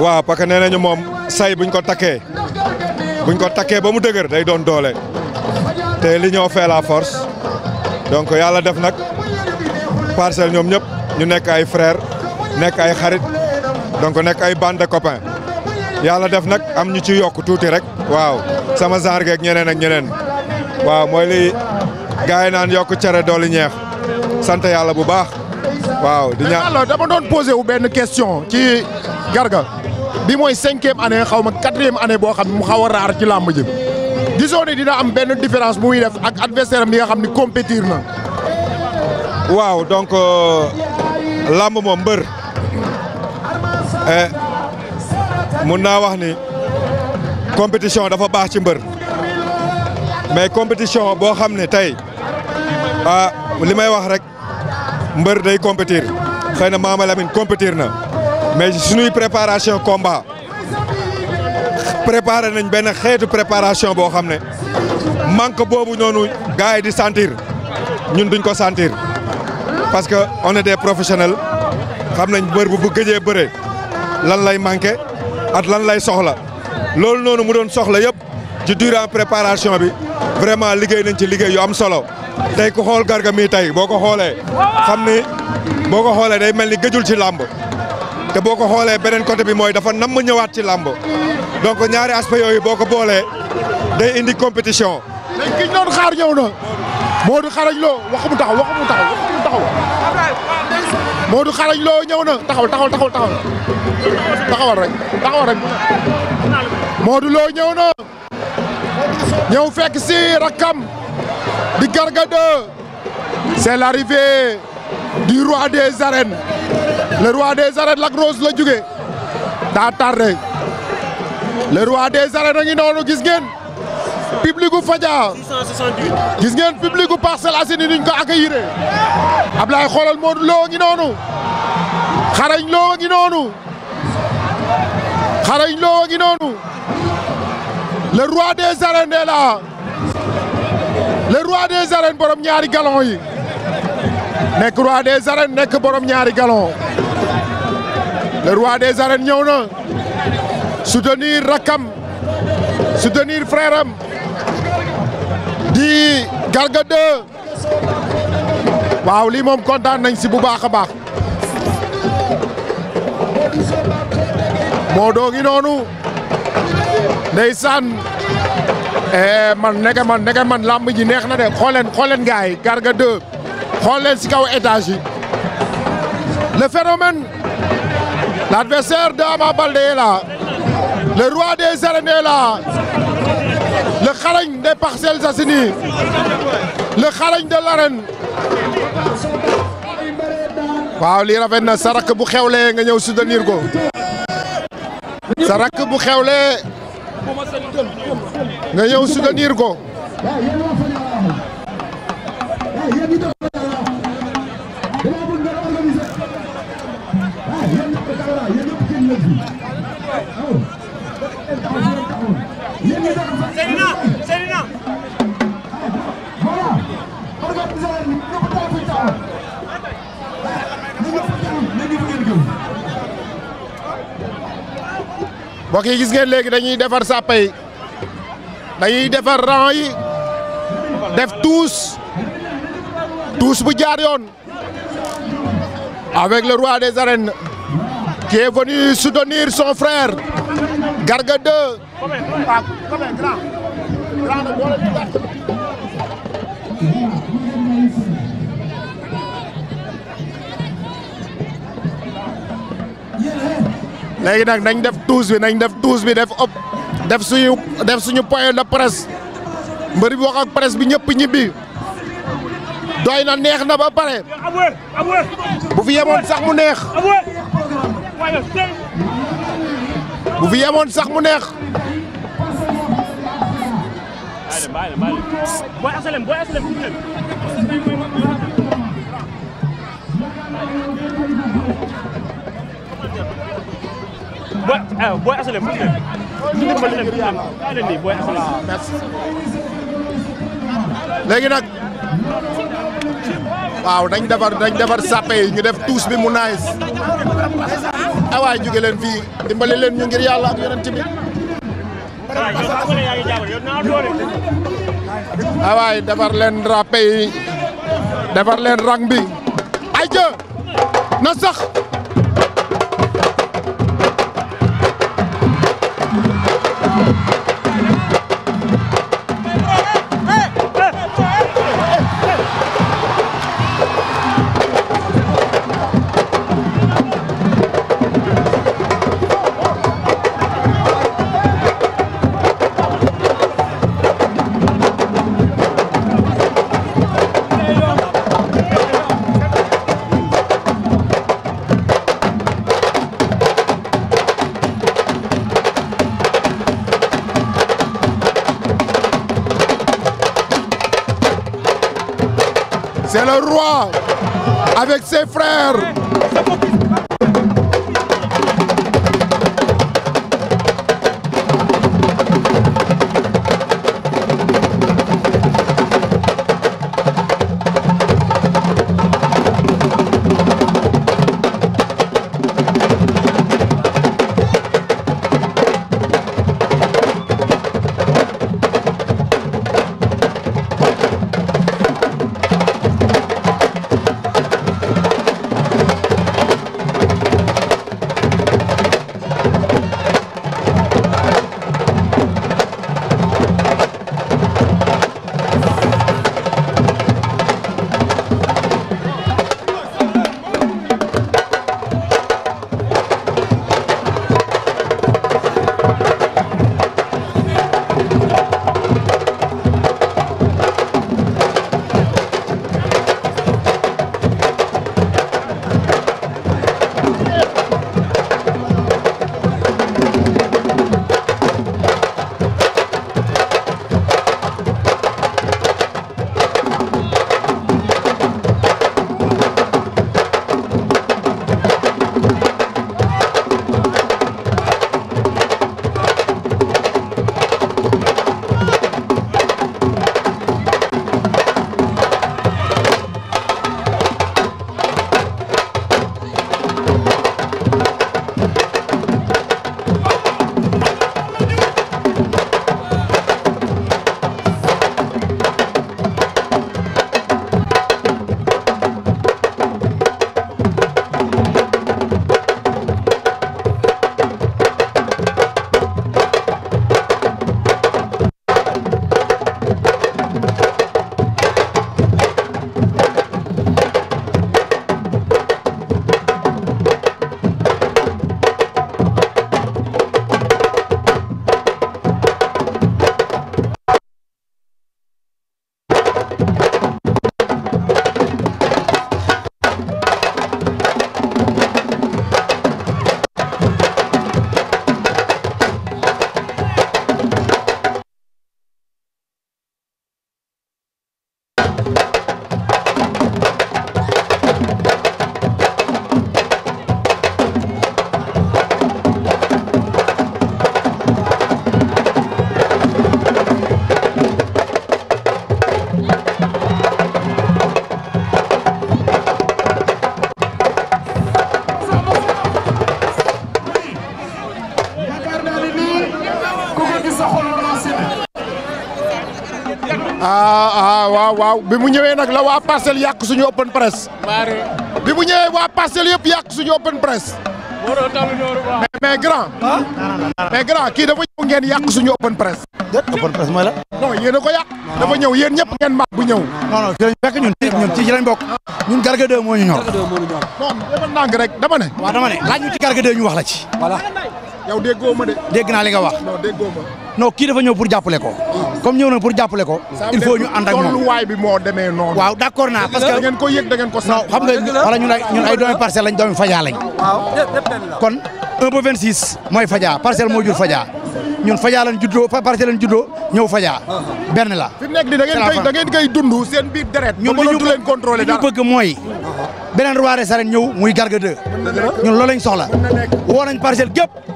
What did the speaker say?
waaw parce que nee nañu moom say buñ ko takkee buñ ko takkee ba mu dëgër day doon doole te l'union fait la force donc yàlla def nag parcelle ñoom ñëpp ñu nekk ay frère nekk ay xarit donc nekk ay bande de copains yàlla def nag am ñu ci yokk tuuti rek waaw sama genre geeg ñeneen ak ñeneen waaw mooy li gars yi naan yokk cere dooli ñeex sant yàlla bu baax waaw di ñaan alors dama doon posé wu benn question ci Garga bi mooy cinquième année xaw ma quatrième année boo xam ne mu xaw a raar ci làmb ji di ne dina am benn différence bu muy def ak adversaire am bi nga xam ne compétir na. waaw donc euh, làmb moom mbër eh, mun naa wax ni compétition dafa baax ci mbër mais compétition boo xam ne tey ah li may wax rek. mbër day compétir xëy na Mama Lamine compétir na mais suñuy préparation combat préparé nañ benn xeetu préparation boo xam ne manque boobu noonu gars yi di sentir ñun duñ ko santir parce que on est des professionnels xam nañ bër bu bu gëjee bëre lan lay manqué ak lan lay soxla loolu noonu mu doon soxla yëpp ci durant préparation bi vraiment liggéey nañ ci liggéey yu am solo. tey ku xool garga mi tey boo ko xoolee xam ni boo ko xoolee day mel ni gëjul ci làmb te boo ko xoolee beneen côté bi mooy dafa namm ñëwaat ci làmb donc ñaari aspect yooyu boo ko boolee day indi compétition. léegi ki ñu doon xaar ñëw na Modou Xarañ Lo waxu mu taxaw waxu mu taxaw waxu mu taxaw Modou Xarañ Lo ñëw na taxawal taxawal rek taxawal rek Modou Lo na ñëw fekk si rakkam. di Garga 2 c'est l'arrivée du roi des arènes la roi des arènes Lac Rose la jóge daa tardé le roi des arènes a ngi noonu gis ngeen public gu Fadia gis ngeen public gu Parcelles Assainies niñ ko accueillir Ablaye xoolal Modou Lo ngi noonu xarañ Lo ngi noonu xarañ Lo ngi noonu roi des arènes est le roi des arènes borom ñaari galon yi nekk roi des arènes nekk borom ñaari galon le roi des arènes ñëw na soutenir rakam soutenir frère am di Garga waaw lii moom kontaan nañ si bu baax a baax moo doo ngi noonu ndeysaan Eh, man neke man neke man làmb ji neex na de xooleen xooleen gars yi Garga 2 xooleen si kaw étage yi le phénomène l'adversaire de Ama Baldé est le roi des arènes est le xarañ des Parcelles Assainies le xarañ de l'arène waaw lii rafet na sa rakk bu xewlee nga ñëw soutenir ko sa bu xewlee nga ñëw soutenir ko. Serena Serena mbokk yi gis ngeen léegi dañuy defar sàppe yi dañuy defar rang yi def tuus tuus bu jaar yoon avec le roi des arènes qui venu soutenir son frère Garga 2 léegi nag nañ def tuus bi nañ def tuus bi def ëpp def suñu def suñu point de presse mbër bi ñëpp ñibbi doy na neex na ba pare bu fi yemoon sax mu neex bu fi yemoon sax mu neex. booy ah booy nag waaw dañ defar dañ defar sàppe ñu def tuus bi mu naaj. ah waay jóge leen fii dimbali leen ñu ngir yàlla ak yonent bi. Ah, leen ràppe yi defar leen rang bi. ay jë na sax. C'est le roi avec ses frères. Ah, ah waaw waaw bi mu ñëwee nag la waa parcelle yàq suñu open press. bi mu ñëwee waa parcelle yëpp yàq suñu open press. mais mais grand. Ah? mais grand kii dafa ñëw ngeen yàq suñu open press. déet open press mooy la. non yéen a ko yàq. dafa ñëw yen ñëpp ngeen màgg bu ñëw. non non fii fekk ñun ñun ci lañ bokk. ñun Garga 2 moo ñu ñor. non dafa ndànk rek dama ne. waaw dama ne laaj ñu ci Garga 2 ñu wax la ci. voilà. yow déggoo ma dégg naa li nga wax. non non kii dafa ñëw pour jàppale ko. comme ñëw na pour jàppale ko. il faut ñu ànd demee noonu. waaw d' accord naa parce que da ngeen ko yëg da ngeen ko sant. non xam nga wala ñun ay doomi parcelle lañ doomi fajaa kon 1 ba 26 mooy fajaa parcelle moo jur fajaa ñun fajaa lañ juddoo parcelle lañ juddoo ñëw fajaa. benn la. fi nekk di da ngeen koy da ngeen koy dund seen biir deret. ñun li ñu li ñu bëgg mooy. beneen roi des arènes ñëw muy garga 2. ñun loolu lañ soxla. woo nañ parcelle gépp